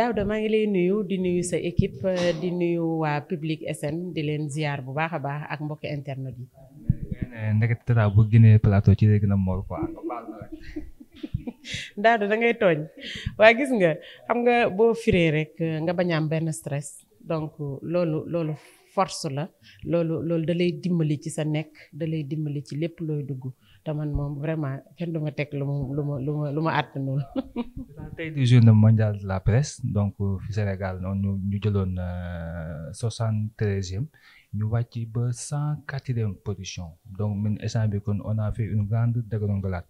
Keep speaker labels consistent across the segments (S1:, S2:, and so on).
S1: Daouda maa ngi lay nuyu di nuyu sa équipe euh, di nuyu waa Public SN di leen ziar bu baax a baax ak mbokki internet yi.
S2: ndeket Tata bu Guinée Plateau ci léegi na mool quoi.
S1: Daouda da ngay tooñ waa gis nga xam nga boo firee rek euh, nga bañ am benn stress donc euh, loolu loolu force la loolu loolu da dimbali ci sa nekk da dimbali ci lépp looy dugg te man moom vraiment kenn du ma teg lu ma lu ma lu ma lu ma àttanul.
S2: tey di journée mondiale de la presse donc euh, fi Sénégal noonu ñu jëloon euh, soixante treizième ñu wàcc ba cent quatrième position donc min instant bi kon on a fait une grande dégringolade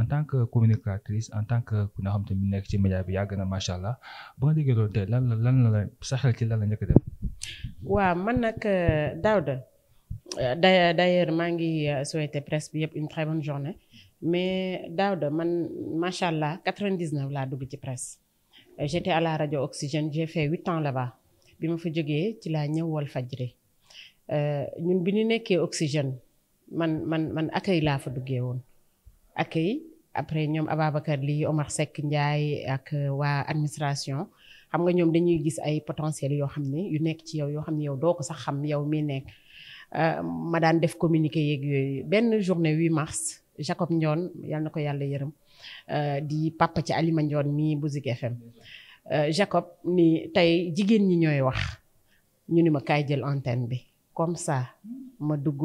S2: en tant que communicatrice en tant que ku nga xam te mi nekk ci média bi yàgg na macha allah ba nga déggee loolu tey lan la lan la sa xel ci lan la njëkk a dem.
S1: waaw man nag euh, Daouda euh, d'ailleurs maa ngi euh, souhaiter presse bi yëpp une très bonne journée mais Daouda man macha allah 99 laa dugg ci presse j'étais à la radio Oxygène j'ai fait huit ans là bi ma fa jógee ci laa ñëw Walfadjri ñun bi ñu nekkee Oxygène man man man accueil laa fa duggee woon accueil après ñoom Ababacar lii Omar Seck Ndiaye ak waa administration xam nga ñoom dañuy gis ay potentiel yoo xam ne yu nekk ci yow yoo xam ne yow doo ko sax xam yow mii nekk euh, ma daan def communique yeeg yooyu benn journée 8 mars Jacob Ndione yal na ko yàlla yërëm euh, di papa ci Alima Ndione mii bu Zik FM euh, Jacob ni tey jigéen ñi ñooy wax ñu ni ma kay jël antenne bi comme ça ma dugg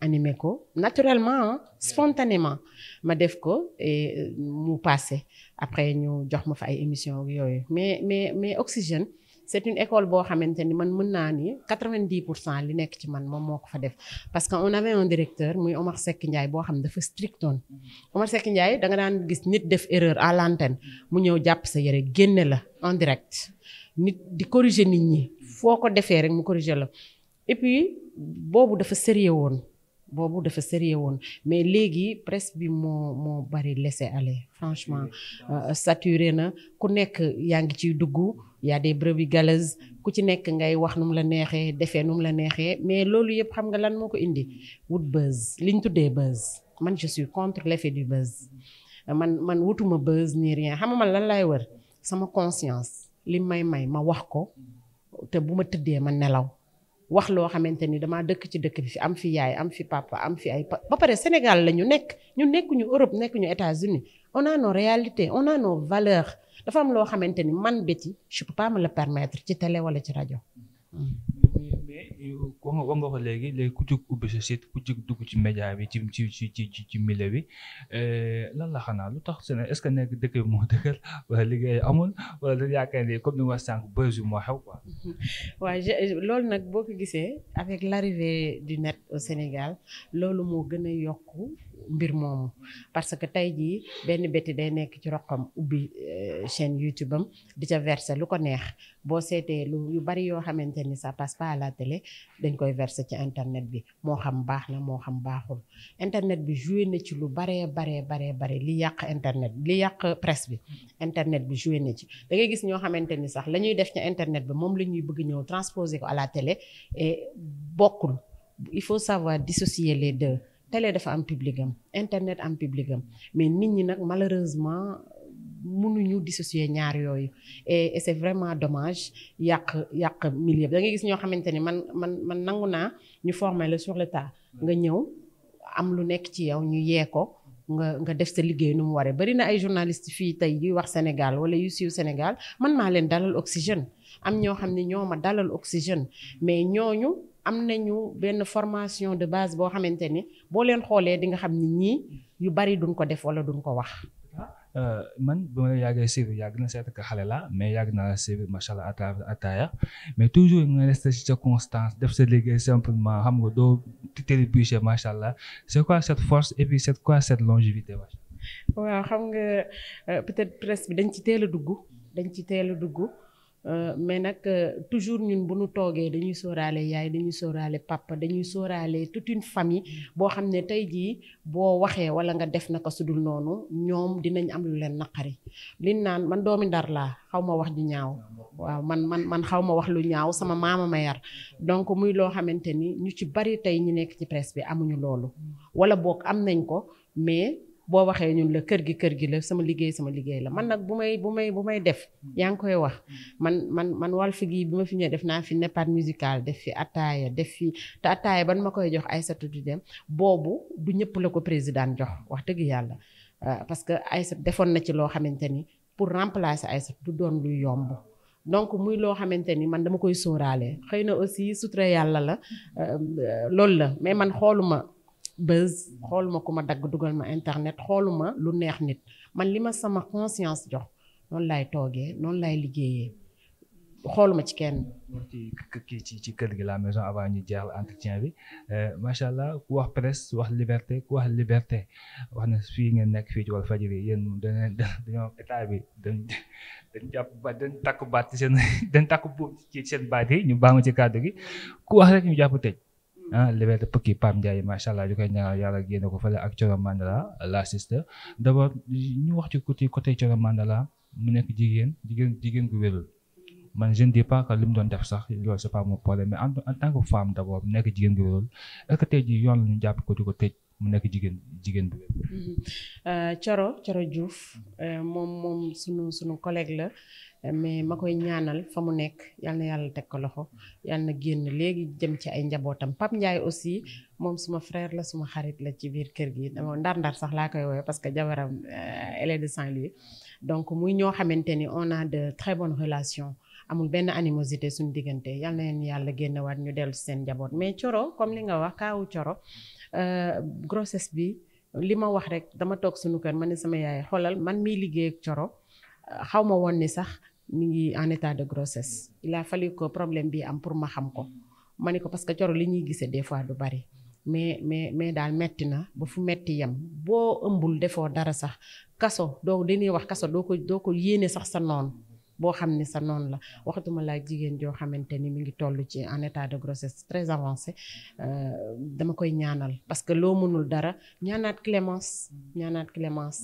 S1: animé ko naturellement spontanément ma def ko et euh, mu passé après ñu jox ma fa ay émission yooyu mais mais mais Oxygène c'est une école boo xamante ni man mën naa ni quatre-vingt-dix cent li nekk ci man moom moo ko fa def parce que on avait un directeur muy Omar Seck Ndiaye boo xam dafa stricton Omar Seck Ndiaye da nga daan gis nit def erreur à mu ñëw jàpp sa yére génne la en direct nit di corriger nit ñi foo ko defee rek mu corriger la et puis boobu dafa sérier woon boobu dafa sérieux woon mais léegi presque bi moo moo bari laisser aller franchement euh, sature na ku nekk yaa ngi ciy dugg yaa a des brebis galeuses ku ci nekk ngay wax nu mu la neexee defee nu mu la neexee mais loolu yëpp xam nga lan moo ko indi wut buzz li ñu tuddee buzz man je suis contre l'effet du buzz man man wutuma buzz ni rien xam man lan laay wër sama conscience li may may ma wax ko te bu ma tëddee ma nelaw wax loo xamante ni damaa dëkk ci dëkk bi fi am fi yaay am fi papa am fi ay ba pare Sénégal la ñu nekk ñu nekk ñu Europe nekk ñu États-Unis on a nos réalités dafa am loo xamante ni man Betty je peux pas me le permettre ci télé wala ci rajo.
S2: wax nga ko léegi léegi ku jóg ubbi sa site ku jóg dugg ci média bi ci ci ci ci ci milieu bi euh, lan la xanaa lu tax Sénégal est-ce que nekk dëkk bi moo dëkkal wala liggéey amoon wala dañu yaakaar ne comme ni ma sànq buzz bi moo xew quoi.
S1: waaw loolu nag boo ko gisee avec l'arrivée du net au Sénégal loolu moo gën a yokku. mbir moomu parce que tey jii benn béti day nekk ci roqam ubbi euh, chaîne YouTube am di ca verser lu ko neex boo seetee lu yu bari yoo xamante ni ça passe à la télé dañ koy verser ci internet bi moo xam baax na moo xam baaxul internet bi joué ci lu baree baree baree bare li yàq internet li yàq presse bi internet bi joué ci da gis ñoo xamante ni sax la ñuy def ci internet bi moom la ñuy bëgg ñëw transposer ko à la télé bokkul il faut savoir dissocier les deux télé dafa am public internet am publicam mais nit ñi nag malheureusement mënuñu dissocier ñaar yooyu et et c'est vraiment domage yàq yàq milieu da ngay gis ñoo xamante ni man man man nangu naa ñu former la sur le tas nga ñëw am lu nekk ci yow ñu yee ko nga nga def sa liggéey nu mu waree bari na ay journaliste fii tey yuy wax Sénégal wala yu siiw Sénégal man maa leen dalal oxygène am ñoo xam ne ñoo ma dalal oxygène mais ñooñu am nañu benn formation de base boo xamante ni boo leen xoolee di nga xam ni ñii yu bari duñ ko def wala duñ ko wax. Ah,
S2: euh, man ba ma yàggee suivre yàgg na seetlu que xale la mais yàgg naa suivre macha allah à travers ataaya mais toujours nga resté sa constance def sa liggéey simplement xam nga doo trébucher macha allah c'est quoi cette force et puis c'est quoi cette longévité
S1: waaw xam nga euh, peut-être presse bi dañ ci teel a dugg dañ ci teel a dugg. Euh, mais nag euh, toujours ñun bu ñu toogee dañuy sóoraale yaay dañuy sóoraale papa dañuy sóoraale toute une famille boo xam ne tey jii boo waxee wala nga def na ko sudul noonu ñoom dinañ am lu leen naqari liñ naan man doomi ndar laa xaw ma wax ju ñaaw waaw man man man xaw ma wax lu ñaaw sama maama ma yar donc muy loo xamante ni ñu ci bari tey ñu nekk ci presse bi amuñu loolu wala boog am nañ ko mais boo waxee ñun la kër gi kër gi la sama liggéey sama liggéey la man nag bu may bu may bu may def mm. yaa ngi koy wax mm. man man man Walf gi bi ma fi ñëw def naa fi neppaat musical def fi ataaya def fi te ban ma koy jox ay Aïssatou di dem boobu du ñëpp la ko président jox wax dëgg yàlla euh, parce que Aïssatou defoon na ci loo xamante ni pour remplacer Aïssatou du doon luy yomb donc muy loo xamante ni man dama koy sóoraale xëy na aussi sutura yàlla la euh, euh, loolu la mais man xooluma buzz xooluma ku ma dagg dugal ma internet xooluma lu neex nit man li ma sama conscience jox noonu laay toogee noonu lay liggéeyee xooluma ci kenn.
S2: ci ci ci kër gi la maison avant ñu jeexal entretien bi euh, macha allah ku wax presse wax liberté ku wax liberté wax na fii ngeen nekk fii ci wal Walfadjri yéen dañoo dañoo état bi dañ dañ jàpp ba dañ takku baat ci seen dañ takku ci seen baat yi ñu baax ma ci kàddu gi ku wax rek ñu jàpp tëj. ah Liberté Pëkki Pape Ndiaye macha allah ñu koy ñaanal yàlla génne ko fële ak Thioro Mandela la sister d' abord ñu wax ci côté côté Thioro Mandela mu nekk jigéen jigéen jigéen wérul man je ne dis pas doon def sax loolu c' est pas mon mais en tant que femme d' abord mu nekk jigéen gu wérul est ce yoon la ko di ko tëj. mu nekk jigéen jigéen bu Coro
S1: mm-hmm. euh, Coro Diouf euh, moom moom sunu sunu collège la mais ma koy ñaanal fa mu nekk yal na yàlla teg ko loxo yal na génn léegi jëm ci ay njabootam Pape njaay aussi moom suma frère la suma xarit la ci biir kër gi dama ndar-ndar sax laa koy woowee parce que jabaram euh, elle est de saint donc muy ñoo xamante ni on a de très bonnes relations amul benn animosité suñu diggante yal na leen yàlla génnewaat ñu dellu si seen njaboot mais Coro comme li Euh, grossesse bi li ma wax rek dama toog suñu kër ma ne sama yaay xolal man miy liggéey ak coro euh, xaw ma woon ni sax mu ngi en état de grossesse il a fallu que problème bi am pour ma xam ko ma ne ko parce que coro li ñuy gisee des fois du bari mais mais mais daal metti na ba fu metti yem boo ëmbul defoo dara sax kaso doo dañuy wax kaso doo ko doo ko yéene sax sa noonu boo xam ni sa noonu la waxatuma laa jigéen joo xamante ni mu ngi toll ci en état de grossesse très avancé euh, dama koy ñaanal parce que loo mënul dara ñaanaat clémence ñaanaat clémence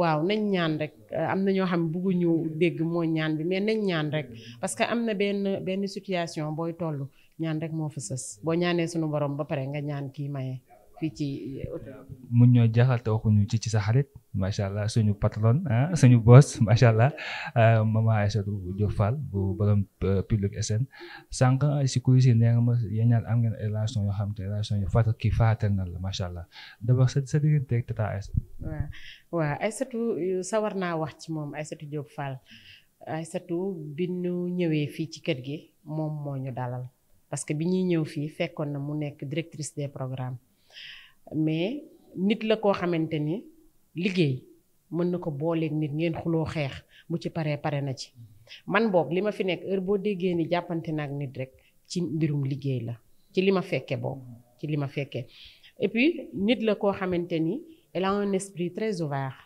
S1: waaw nañ ñaan rek am na ñoo xam ne bëgguñu dégg moo ñaan bi mais nañ ñaan rek parce que am na benn benn situation booy toll ñaan rek moo fa sës boo ñaanee suñu borom ba pare nga ñaan kii maye fii ci eh,
S2: mun ñoo jaaxal te waxuñu ci ci sa xarit macha allah suñu patron ah suñu boss macha allah ah, maman Aïssatou Diop Fall bu borom eh, public SN sànq eh, si kulisi nee nga ma yéen am ngeen relation yoo xam te relation yu fàttali kii fraternel la macha allah d'abord sa
S1: ci moom Aïssatou Diop Fall fii ci kër gi moom moo ñu dalal parce directrice des programmes. mais nit la koo xamante ni liggéey mën na ko booleek nit ngeen xuloo xeex bu ci paree pare na ci man boog li ma fi nekk heure boo déggee ni jàppante naag nit rek ci mbirum liggéey la ci li ma fekkee boobu ci li ma fekkee et puis nit la koo xamante ni elle a un esprit très ouvert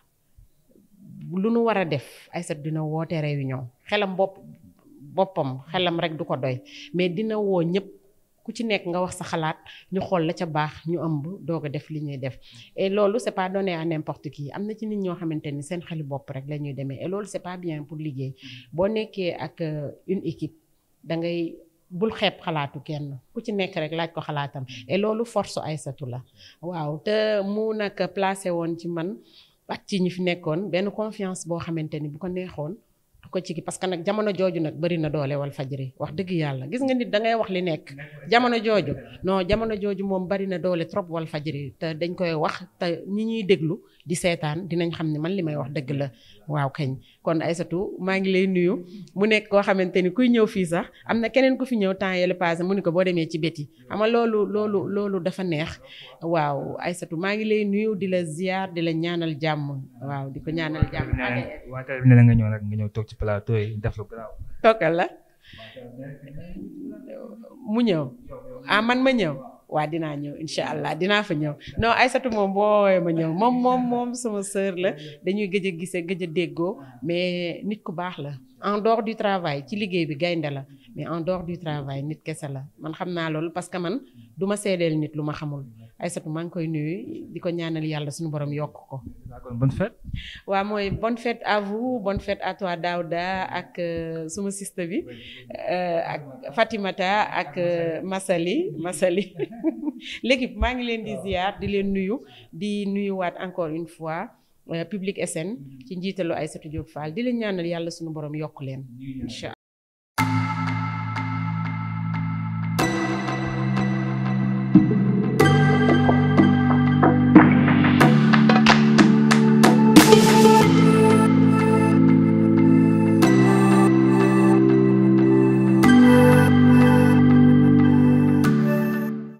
S1: lu nu war a def Aïssatou dina woote réunion xelam bopp boppam xelam rek du ko doy mais dina woo ñëpp ku ci nekk nga wax sa xalaat ñu xool la ca baax ñu ëmb doog def li ñuy def et loolu c'est pas donné à n'importe qui am na ci nit ñoo xamante ni seen xelu bopp rek la ñuy demee et loolu c'est pas bien pour liggéey boo nekkee ak euh, une équipe da ngay bul xeeb xalaatu kenn ku ci nekk rek laaj ko xalaatam et loolu force ay satu la waaw te mu nag placé woon ci man ak ci ñi fi nekkoon benn confiance boo xamante ni bu ko neexoon ko ci parce que nag jamono jooju nag bëri na doole wal fajri wax dëgg yàlla gis nga nit dangay wax li nekk jamono jooju noo jamono jooju moom bëri na doole trop wal fajri te dañ koy wax te ñi ñuy déglu di seetaan dinañ xam ne man li may wax dëgg la waaw kañ kon Aïssatou maa ngi lay nuyu mu nekk koo xamante ni kuy ñëw fii sax am na keneen ku fi ñëw temps yële passé mu ni ko boo demee ci béti xam nga loolu loolu loolu dafa neex waaw Aïssatou maa ngi lay nuyu di la ziar di la ñaanal jàmm waaw di ko ñaanal jàmm.
S2: ne la nga ñëw nag nga ñëw toog ci plateau yi def lu garaaw.
S1: toogal la mu ñëw ah man ma ñëw. waa dinaa ñëw incha allah dinaa fa ñëw non Aysatu moom boo ma ñëw moom moom moom sama sœur la dañuy gëj a gisee gëj a déggoo mais nit ku baax la en dehors du travail ci liggéey bi gaynde la mais en dor du travail nit kese la man xam naa loolu parce que man du ma nit lu ma xamul ay maa ngi koy nuyu di ko ñaanal yàlla suñu borom yokk ko. bonne fête. waaw mooy bonne à vous bonne fête ak euh, suma siste bi euh, ak Fatimata ak euh, Masali Masali l'équipe maa ngi leen di di leen nuyu di nuyuwaat encore une fois. Public SN ci njiitalu Aïssatou Diop Fall di leen ñaanal yàlla suñu borom yokk leen